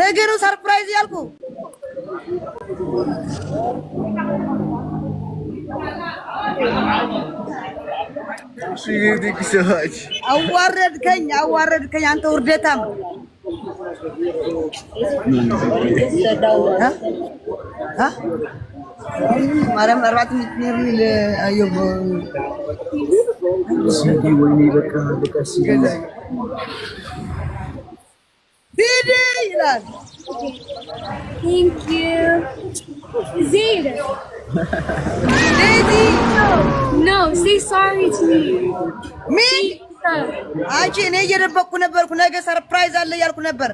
ነገሩ ሰርፕራይዝ ያልኩ አዋረድከኝ፣ አዋረድከኝ አንተ ውርደታም። ማርያም እራት የምትኖር አየሁ ሂድ ይላል። አንቺ እኔ እየደበቅኩ ነበርኩ። ነገ ሰርፕራይዝ አለ እያልኩ ነበር።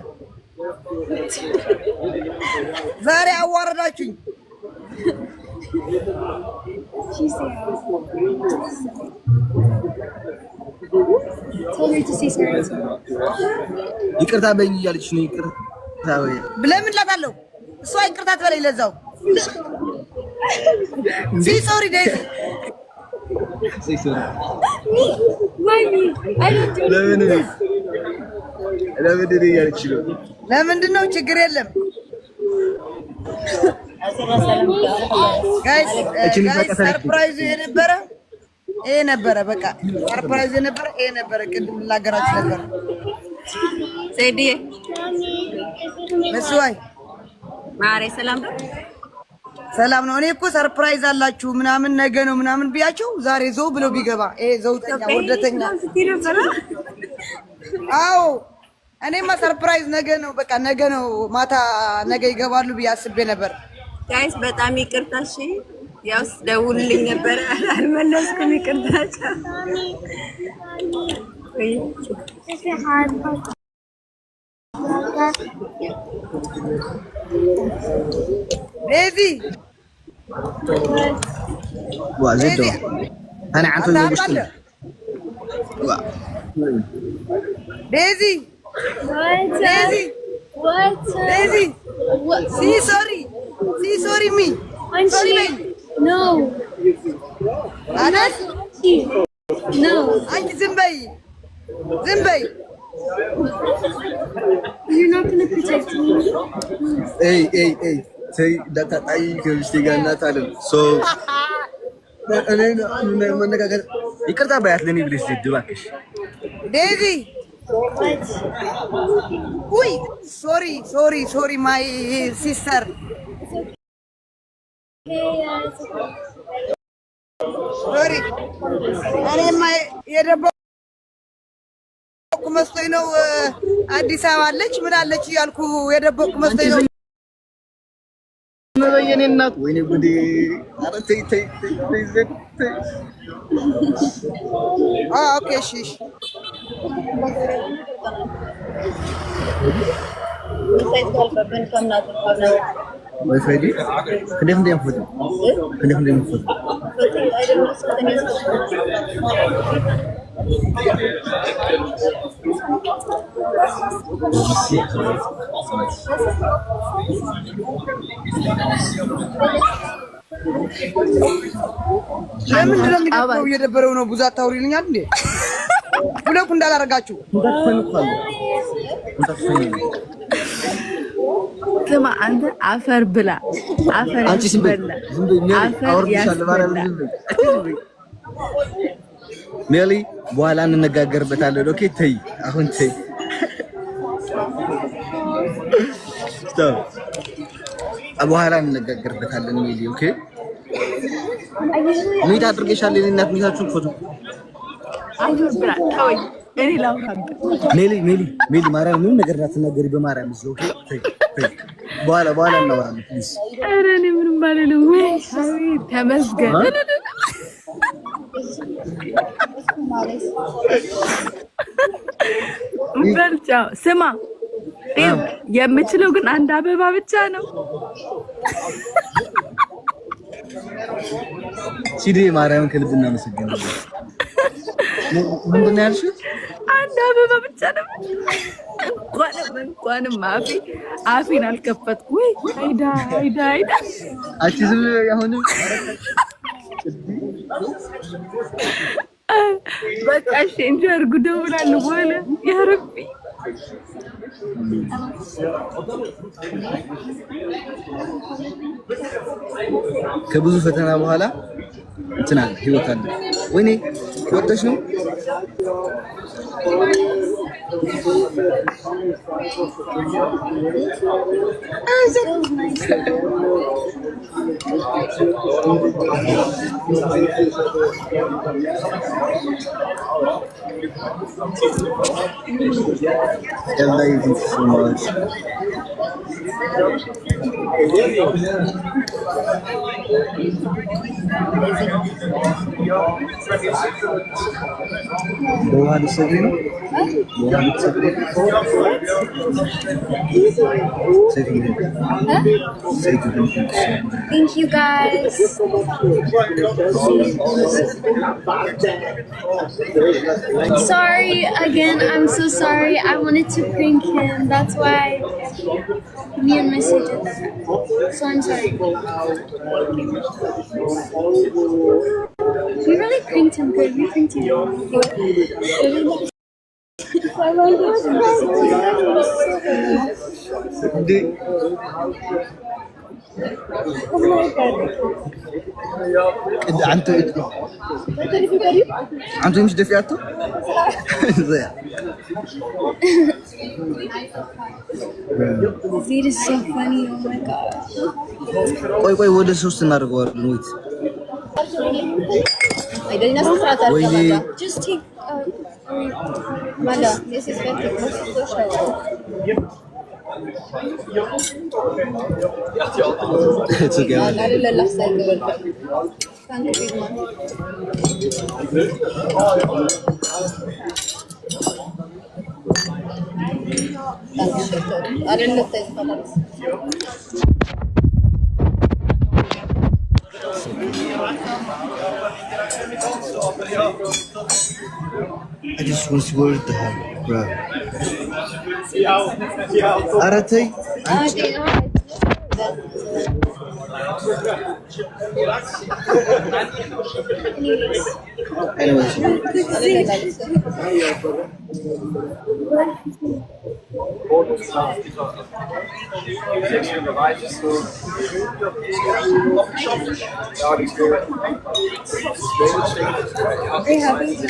ዛሬ አዋረዳችሁኝ። ይቅርታ በይኝ እያለች ነው። ይቅርታ በይ ምን ላታለው እሷ ይቅርታ ትበለኝ። ለዛው ሶሪ ዴዚ ለምንድን እያለች ነው? ለምንድን ነው? ችግር የለም ጋይስ ሰርፕራይዙ uh, የነበረ ይሄ ነበረ በቃ ሰርፕራይዝ የነበረ ይሄ ነበረ። ቅድም ላገራችሁ ነበር ሴድዬ መስዋይ ማሬ ሰላም ሰላም ነው። እኔ እኮ ሰርፕራይዝ አላችሁ ምናምን ነገ ነው ምናምን ብያቸው ዛሬ ዘው ብሎ ቢገባ ይሄ ዘውተኛ ወደተኛ። አዎ እኔማ ሰርፕራይዝ ነገ ነው በቃ ነገ ነው ማታ ነገ ይገባሉ ብዬ አስቤ ነበር። ጋይስ በጣም ይቅርታ እሺ። ያውስ ደውልልኝ ነበረ አልመለስኩም። ይቅርታጫ ቤቢ ዋዘዶ አና አንተ ልብሽት ቤዚ ቤዚ ቤዚ ሲ ሶሪ ሲ ሶሪ ሚ ሶሪ ቤቢ No. Anas? No. Hangi Zimbay? Zimbay? You're not going to protect me? Hey, hey, hey. Say that I can't stay here. I'm not going to protect I'm not going to protect you. I'm not going to protect you. Daisy! What? Sorry, sorry, sorry, my sister. እኔማ የደበኩ መስሎኝ ነው። አዲስ አበባ አለች ምን አለች እያልኩ የደበኩ መስሎኝ ነው። የእኔ እናት ወይኔ ጉዴ! ኧረ ተይ ተይ ተይ። ኦኬ እሺ እሺ ወይፋይ እንዴት እንዴት ፎቶ እንዴት እንዴት ፎቶ ለምንድነው የሚደብረው? እየደበረው ነው። ብዙ አታውሪልኛል እንዴ ሁለቱ እንዳላረጋችሁ ስማ አንተ አፈር ብላ አፈር ሜሊ በኋላ እንነጋገርበታለን። ኦኬ ተይ፣ አሁን ተይ። በኋላ እንነጋገርበታለን ሜሊ። ኦኬ ሚት አድርገሻል። እናት ሚታችሁን ፎቶ አይ ብላ ተወኝ ሜሊ ማርያም ምንም ነገር እንዳትናገሪ በማርያም በኋላ በኋላ እናወራለን። ኧረ እኔ ምንም አልልም። ተመስገን በልቻው። ስማ የምችለው ግን አንድ አበባ ብቻ ነው። ሲዲ ማርያምን ከልብ እናመሰግናለን። ምንድን ነው ያልሽው? እንደ አበባ ብቻ ነው። እንኳንም እንኳንም አፌ አፊን አልከፈትኩ። ወይ አይዳ አይዳ አይዳ አትዝም ያሁን በቃ እሺ እንጂ አድርጉ እደውላለሁ በኋላ ያ ከብዙ ፈተና በኋላ እንትን አለ ህይወት አለ። ወይኔ ወጥተሽ ነው Thank you guys. Sorry again. I'm so sorry. I wanted to prank him. That's why me and Missy did that songs we really cranked him good. We cranked him good. Hindi. انتوا انتوا مش دافعتوا؟ ቆይ ቆይ፣ ወደ ሶስት እናደርገዋለን። ወይት I just want worried to have it, bro. Arati? Ah,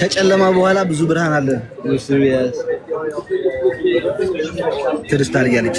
ከጨለማ በኋላ ብዙ ብርሃን አለ። ትርስት አድርጋለች።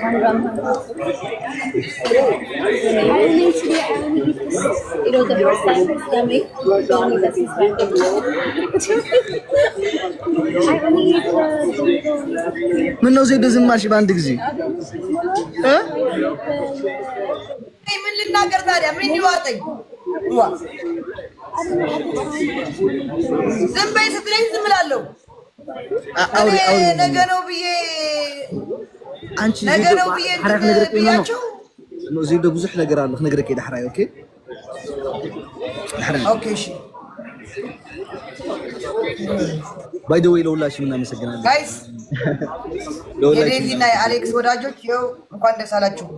it was the first time Islamic told me that he's back. ምን ነው ዜድ ዝም አልሽ? በአንድ ጊዜ ምን ልናገር ታዲያ? ምን ይዋጠኝ? ዝም በይ ስትለኝ ዝም እላለሁ። ነገ ነው ብዬ አንቺ ዜዶ ብዙሕ ነገር ኣሎ ክነግረከ ዳሕራይ ኦኬ ኦኬ እሺ ባይ ደወይ ለሁላችሁም እናመሰግናለን። ጋይስ የዴዚና የአሌክስ ወዳጆች ይኸው እንኳን ደስ አላችሁ፣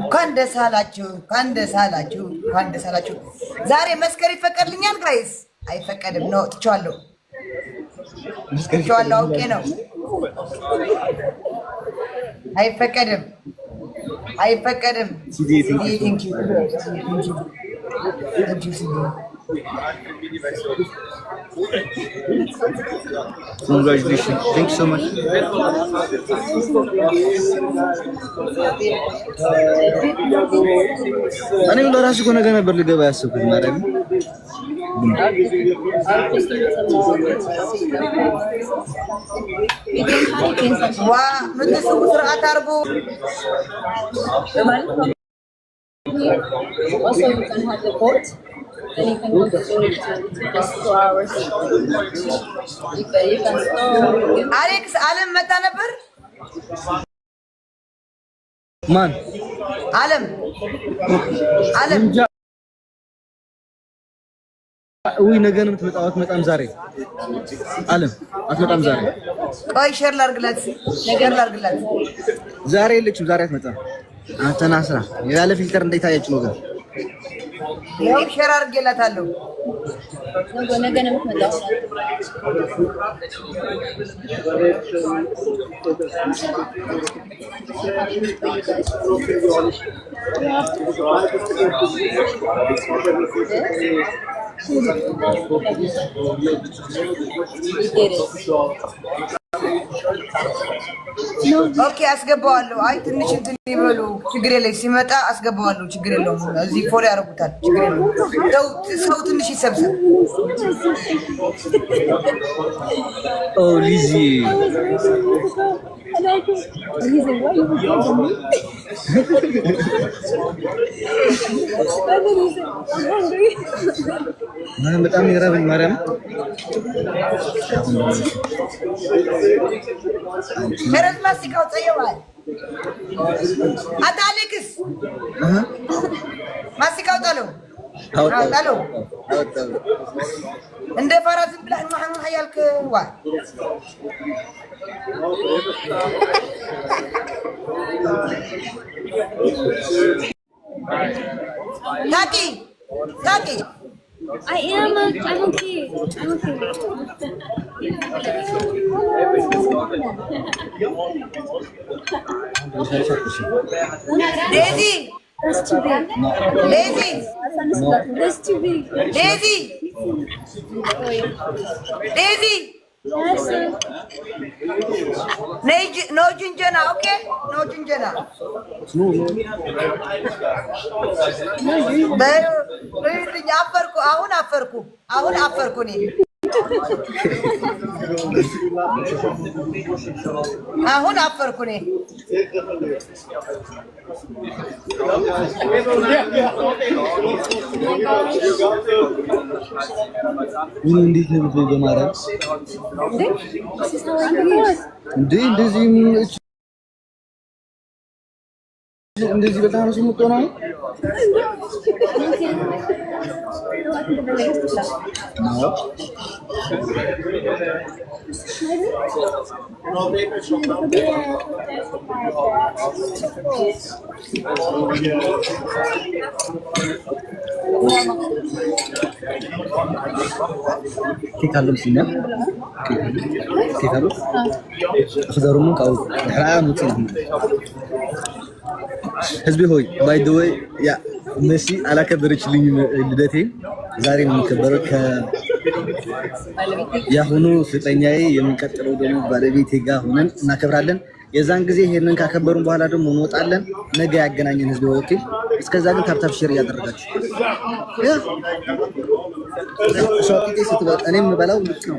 እንኳን ደስ አላችሁ፣ እንኳን ደስ አላችሁ፣ እንኳን ደስ አላችሁ። ዛሬ መስከር ይፈቀድልኛል? ጋይስ አይፈቀድም ነው። ትቼዋለሁ፣ ትቼዋለሁ፣ አውቄ ነው አይፈቀድም፣ አይፈቀድም። እኔም ለራሱ እኮ ነገ ነበር ልገባ ያሰብኩት። ዋ ምትስቡ ስርዓት አርጉ። አሌክስ አለም መጣ ነበር። ማን አለም አለም ወይ ነገ ነው የምትመጣው። አትመጣም ዛሬ አለም፣ አትመጣም ዛሬ። ቆይ ሼር ላድርግላት፣ ነገር ላድርግላት። ዛሬ የለችም፣ ዛሬ አትመጣም። አንተና ስራ ያለ ፊልተር እንዴት አያችሁ ነው ጋር ያው ሼር አድርጌላታለሁ። ነገ ነው የምትመጣው። ኦኬ፣ አስገባዋለሁ። አይ ትንሽ እንትን ይበሉ፣ ችግር የለኝ። ሲመጣ አስገባዋለሁ፣ ችግር የለውም። እዚህ ፎሎ ያደርጉታል፣ ችግር የለውም። ሰው ትንሽ ይሰብሰብ። about it. And he's like, What? You were killed than me? and then he said, I'm hungry. نعم بتعمل يرى بالمرم خيرت ما سيكاو تيوال أتا أليكس ما سيكاو تلو تلو እንደ ፋራ ዝም ብላ ንማሓንሓ ያልክዋ Ducky! Ducky! I am a I'm okay. I'm okay. Daisy! That's too big. Daisy! That's too big. Daisy! Oh, Daisy! No Jinjana, okay? No Jinjana. አፈርኩ። አሁን አፈርኩ። አሁን አፈርኩ እኔ आहो ना आप पर कुने እንዴት ነው ጀማራ እንዴ እንደዚህ እንደዚህ በጣም ነው የምትሆነው ቴካሎም ህዝቢ ሆይ ባይ ደወይ መሲ ኣላከበረችልኝ ልደቴ ዛሬ የሚከበረው ከያሁኑ ፍቅረኛዬ የሚቀጥለው ደግሞ ባለቤቴ ጋር ሆነን እናከብራለን። የዛን ጊዜ ይሄንን ካከበሩን በኋላ ደግሞ እንወጣለን። ነገ ያገናኘን ህዝብ ወኪ። እስከዛ ግን ታብታብ ሼር እያደረጋችሁ እኔ የምበላው ልክ ነው።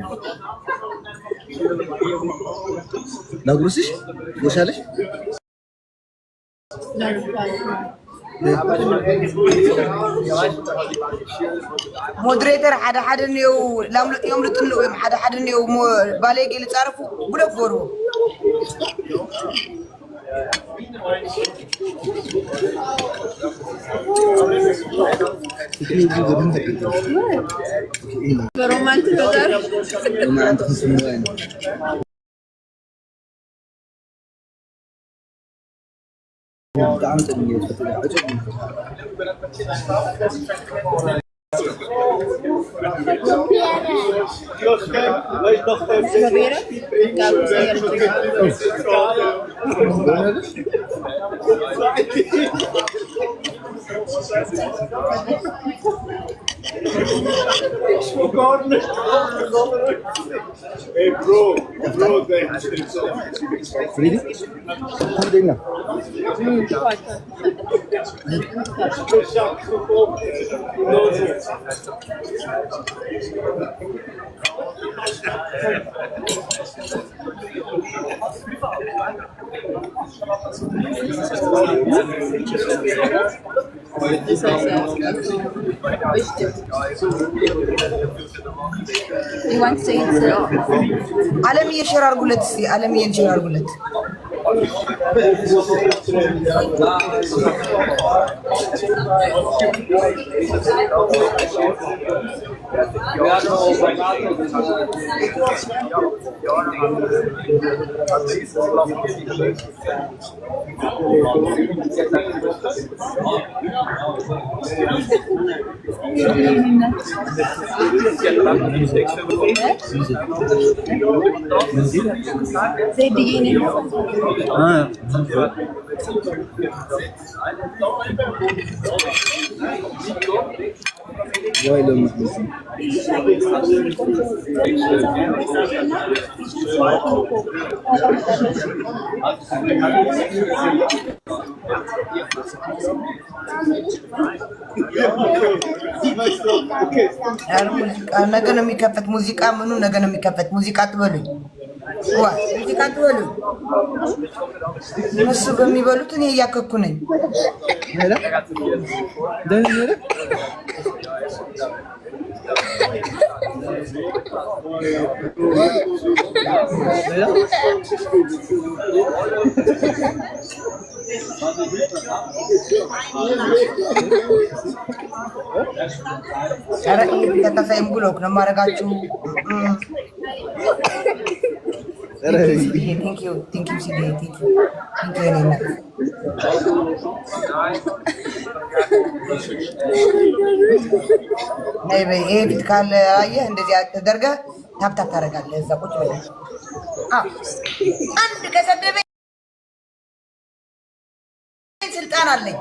ለጉርስሽ ጎሻለሽ مودريتر حدا حدا نيو يوم لطنو يوم حدا حدا نيو باليجي اللي تعرفه بلا فورو رومانتي काम करेंगे Proberen? we het er Şu garnet. Hey bro, bro thanks. Really? Tam değil mi? Thank you. Das ሼር አድርጉለት አለምዬን ሼር አድርጉለት። Dediğiniz Ah, Olha, ነገር ነው የሚከፈት ሙዚቃ ምኑ ነገር ነው የሚከፈት ሙዚቃ ትበሉኝ ትበሉ እነሱ በሚበሉት እኔ እያከኩ ነኝ። ኧረ ተከታይም ብሎክ ነው የማደርጋችሁ ይሄ ፊት ካላየህ እንደዚህ ተደርገህ ታብታብ ታደርጋለህ። እዛ ቁጭ ብለህ አንድ ከሰደበኝ ስልጣን አለኝ።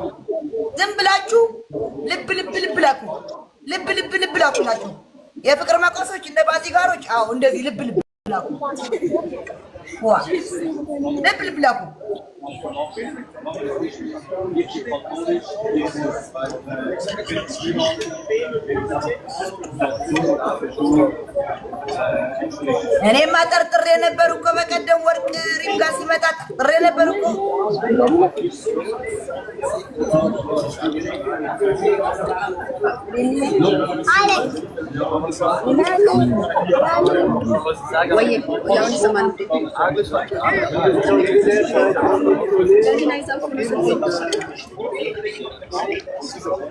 ዝም ብላችሁ ልብ ልብ ልብ ላኩ፣ ልብ ልብ ልብ ላኩ ናችሁ የፍቅር መቆሶች፣ እንደ ባዚጋሮች። አዎ እንደዚህ ልብ ልብ Blago. Boa. Vem pelo Blago. እኔማ ጠርጥሬ ነበር እኮ በቀደም ወርቅ ሪም ጋር ሲመጣ ጥሬ ነበር እኮ። ወይ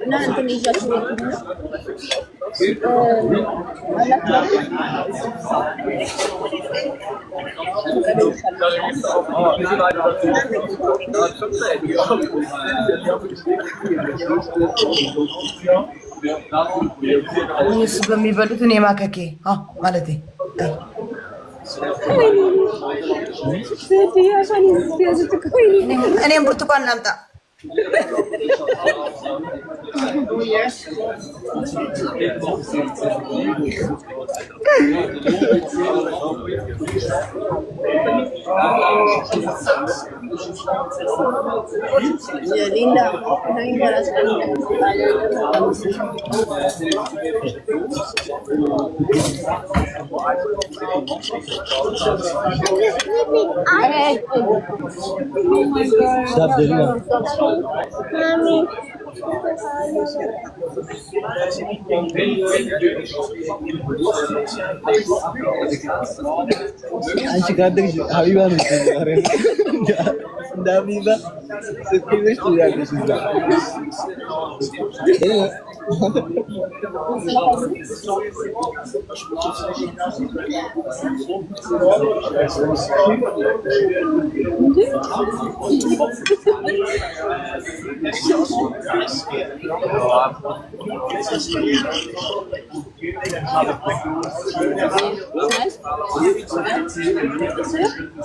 እና እንትን በሚበሉት እኔ ማከኬ ማለቴ እኔም ብርቱካን ላምጣ Two years. Yolinda, no Stop Mami. Ayşe kardeşim abi var mı sizin var ya? Daha bir bak.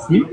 Hmm?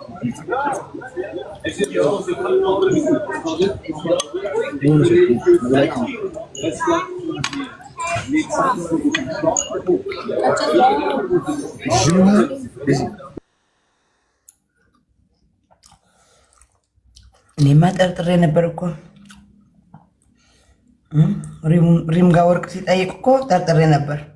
Ini mater terena berku. Hmm? rim rim gawar kesit ayekku tar terena ber.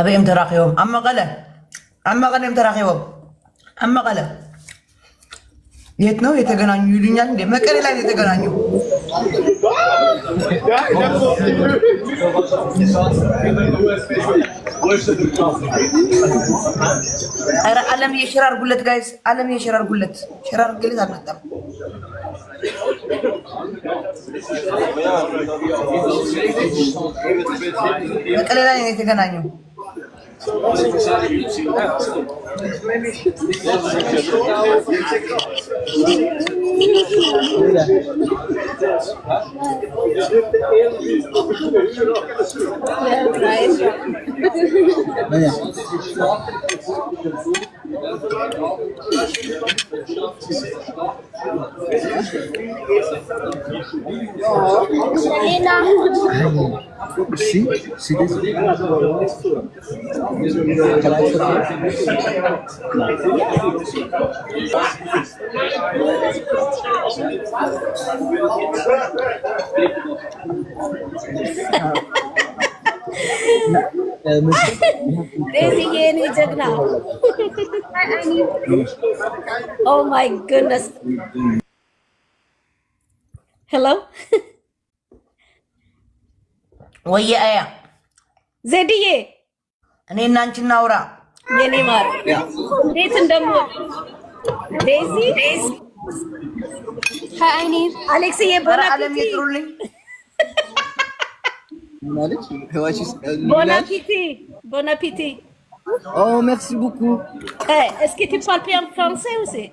أبيهم تراخيهم أما قلة أما قلهم ተራኺቦም ኣብ መቐለ የት ነው የተገናኙ ይሉኛል እንዴ? መቀሌ ላይ የተገናኙ ኧረ አለም የሽራር ጉለት ጋይስ፣ ዓለም የሽራር ጉለት ሽራር ግለት አልመጣም። መቀሌ ላይ የተገናኘው 18 ay yüksekten astım. Gayet. Sim, sim. desculpa. देसी ये आया जेडी ये नहीं नंचन नावरा ये नहीं मार देसन डम्बो देसी देसी हाय नीर अलेक्सी ये बोला क्यों Bon euh, appétit. Bon appétit. Oh, merci beaucoup. Eh, est-ce que tu parles bien français aussi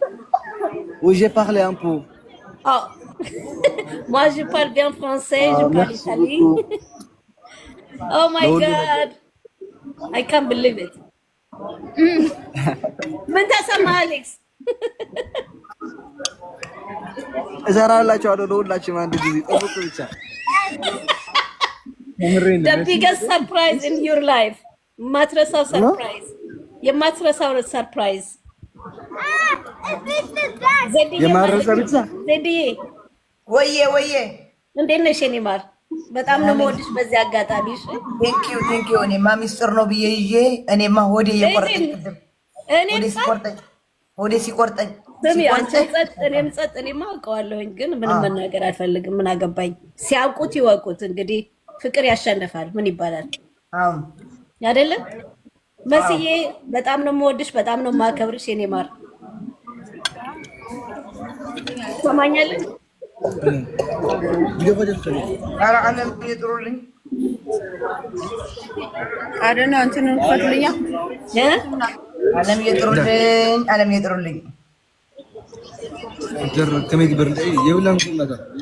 Oui, j'ai parlé un peu. Oh. Moi, je parle bien français, je ah, parle italien. oh my God. I can't believe it. ምን mm. tu አሌክስ? እሰራላችኋለሁ ለሁላችሁም አንድ ጊዜ de ça. ቢገስት ሰርፕራይዝ ኢን ዩር ላይፍ የማትረሳው ሰርፕራይዝ የማትረሳው ሰርፕራይዝ የማረሳ ወዬ ወዬ እንዴት ነሽ የኔ ማር? በጣም ነው የምወድሽ። በዚህ አጋጣሚ ቴንኪው ቴንኪው። እኔማ ሚስጥር ነው ብዬ ይዤ እኔማ ሆዴ የቆረጠኝ ሆዴ ሲቆርጠኝ እኔም ጸጥ። እኔማ አውቀዋለሁኝ ግን ምንም መናገር አልፈልግም። ምን አገባኝ? ሲያውቁት ይወቁት እንግዲህ ፍቅር ያሸንፋል። ምን ይባላል አይደለም? መስዬ በጣም ነው የምወድሽ፣ በጣም ነው የማከብርሽ የኔ ማር። ትሰማኛለሽ? ጥሩልኝ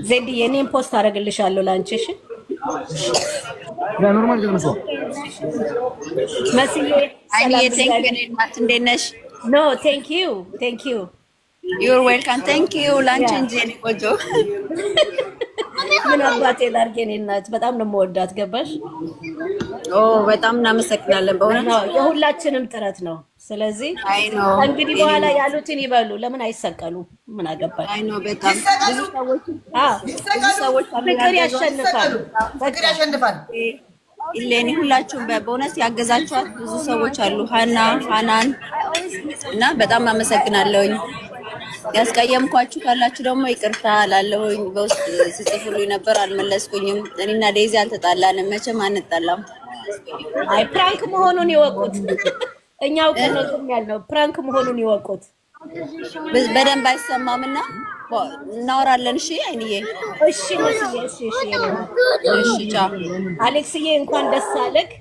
ዜድ የኔን ፖስት አደርግልሻለሁ ለአንቺ እሺ ኖርማል እንዴት ነሽ? ኖ ቴንክ ዩ ቴንክ ዩ ዩር ዌልካም ቴንክ ዩ ላንች እንጂ የእኔ ቆንጆ ምን አባቴ ላድርግ የእኔ እናት በጣም ነው የምወዳት ገባሽ? ኦ በጣም እናመሰግናለን በእውነት የሁላችንም ጥረት ነው። ስለዚህ እንግዲህ በኋላ ያሉትን ይበሉ። ለምን አይሰቀሉ? ምን አገባል? ሰዎች ፍቅር ያሸንፋል፣ ፍቅር ሁላችሁም በእውነት ያገዛችኋት ብዙ ሰዎች አሉ። ሀና ሀናን እና በጣም አመሰግናለሁኝ። ያስቀየምኳችሁ ካላችሁ ደግሞ ይቅርታ ላለሁኝ። በውስጥ ስጽፍሉ ነበር አልመለስኩኝም። እኔና ዴዚ አልተጣላንም፣ መቼም አንጠላም። አይ ፕራንክ መሆኑን ይወቁት። እኛ አውቀን ነው ዝም ያልነው። ፕራንክ መሆኑን ይወቁት። በደንብ አይሰማም እና እናወራለን። እሺ አይንዬ፣ እሺ መስዬ፣ እሺ፣ እሺ፣ እሺ። ጫ አሌክስዬ፣ እንኳን ደስ አለክ።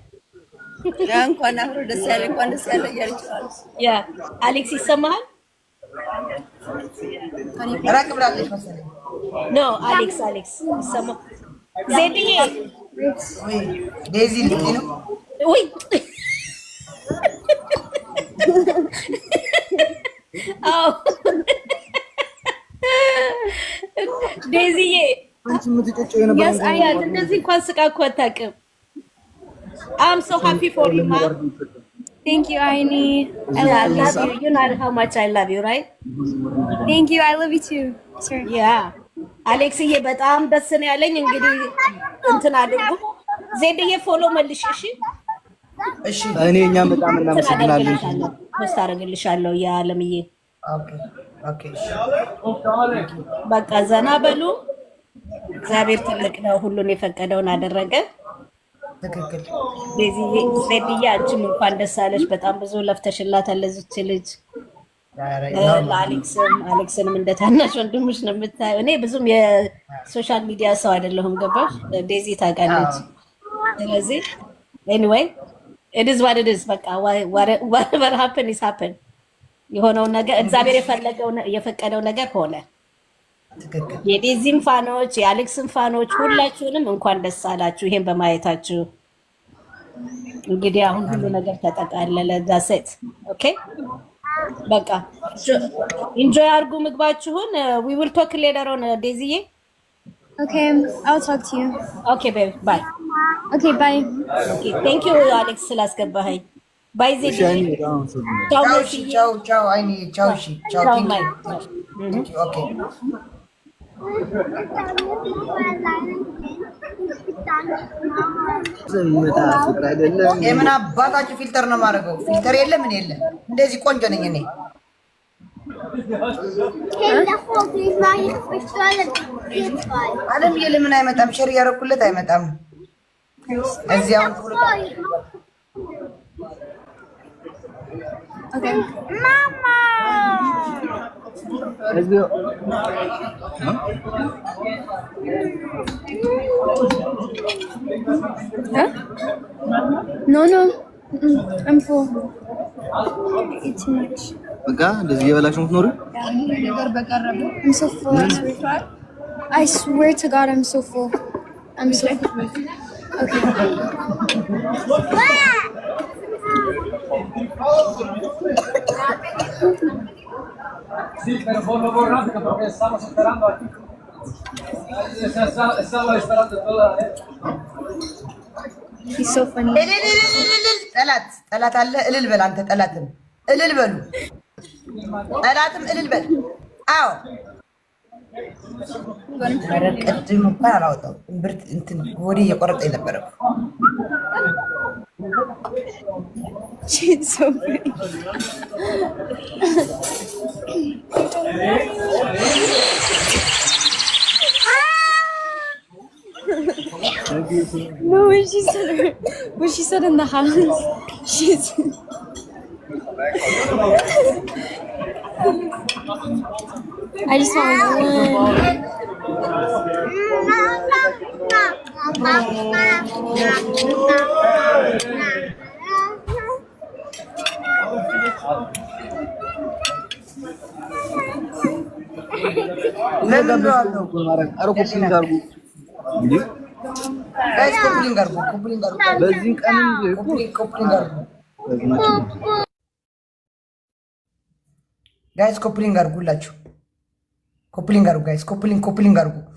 እንኳን አብሮ ደስ ያለ እንኳን ደስ ያለ እያለች ያ አሌክስ ይሰማሃል? ራቅ ብላለች መሰለኝ። ኖ አሌክስ አሌክስ ይሰማ ዜድዬ፣ ዴዚ ልኪ ነው ወይ? አዎ ዴዚዬ ያሳያት። እንደዚህ እንኳን ስቃ እኮ አታውቅም። አም ሶ ሃፒ ፎር ዩ ማ ቴንክ ዩ አይኒ ዩ ኖ ሃው ማች አይ ላቭ ዩ ራይት ቴንክ ዩ አይ ላቭ ዩ ቱ ያ አሌክስዬ በጣም ደስ ነው ያለኝ። እንግዲህ እንትን አድርጉ ዜድዬ ፎሎ መልሽ እሺ። እኔ እኛም በጣም እናመሰግናለን። ፖስት አደርግልሻለሁ የዓለምዬ። በቃ ዘና በሉ። እግዚአብሔር ትልቅ ነው፣ ሁሉን የፈቀደውን አደረገ። ዜድዬ አንቺም እንኳን ደስ አለሽ። በጣም ብዙ ለፍተሽላታል ለዚች ልጅ። አሌክስም አሌክስንም እንደ ታናሽ ወንድምሽ ነው የምታየው። እኔ ብዙም የሶሻል ሚዲያ ሰው አይደለሁም ገባሽ፣ ዴዚ ታውቃለች። ስለዚህ ኤኒዌይ ኢትስ ዋት ኢትስ በቃ ዋትቨር ሀፕን ኢዝ ሀፕን። የሆነውን ነገር እግዚአብሔር የፈለገው የፈቀደው ነገር ሆነ። የዴዚም ፋኖች የአሌክስን ፋኖች ሁላችሁንም እንኳን ደስ አላችሁ ይሄን በማየታችሁ። እንግዲህ አሁን ሁሉ ነገር ተጠቃለለ። ዳሴት ኦኬ። በቃ ኢንጆይ አድርጉ ምግባችሁን። ዊ ዊል ቶክ ሌደር ዴዚዬ። ኦኬ አይ ቶክ ቱ ዩ ኦኬ ቤቢ ባይ ኦኬ ባይ ኦኬ ቴንክ ዩ አሌክስ ስላስገባኸኝ። ባይ ዜድ ቻው የምን አባታችሁ ፊልተር ነው የማደርገው? ፊልተር የለ ምን የለ። እንደዚህ ቆንጆ ነኝ እኔ። አለምዬ ለምን አይመጣም? ሸር እያደረኩለት አይመጣም። As young. Okay. Mama. Let's go. Huh? No, no. I'm full. It's too much. በቃ እንደዚህ የበላሽ ነው ትኖሪ? ነገር በቀረበ አይ ስዌር ቱ ጋድ አም ሶ ፉል አም ሶ ፉል Sí, pero vos no borraste porque estamos esperando aquí. Estamos esperando toda. ጠላት ጠላት አለ። እልል በል አንተ ጠላትም እልል በሉ ጠላትም እልል በል አዎ She's so አላወጣው እንትን እየቆረጠ የነበረ No, when she said her, when she said in the house, she's. I just want ጋይስ ኮፕሊንግ አድርጉላችሁ። coupling guys. इसको coupling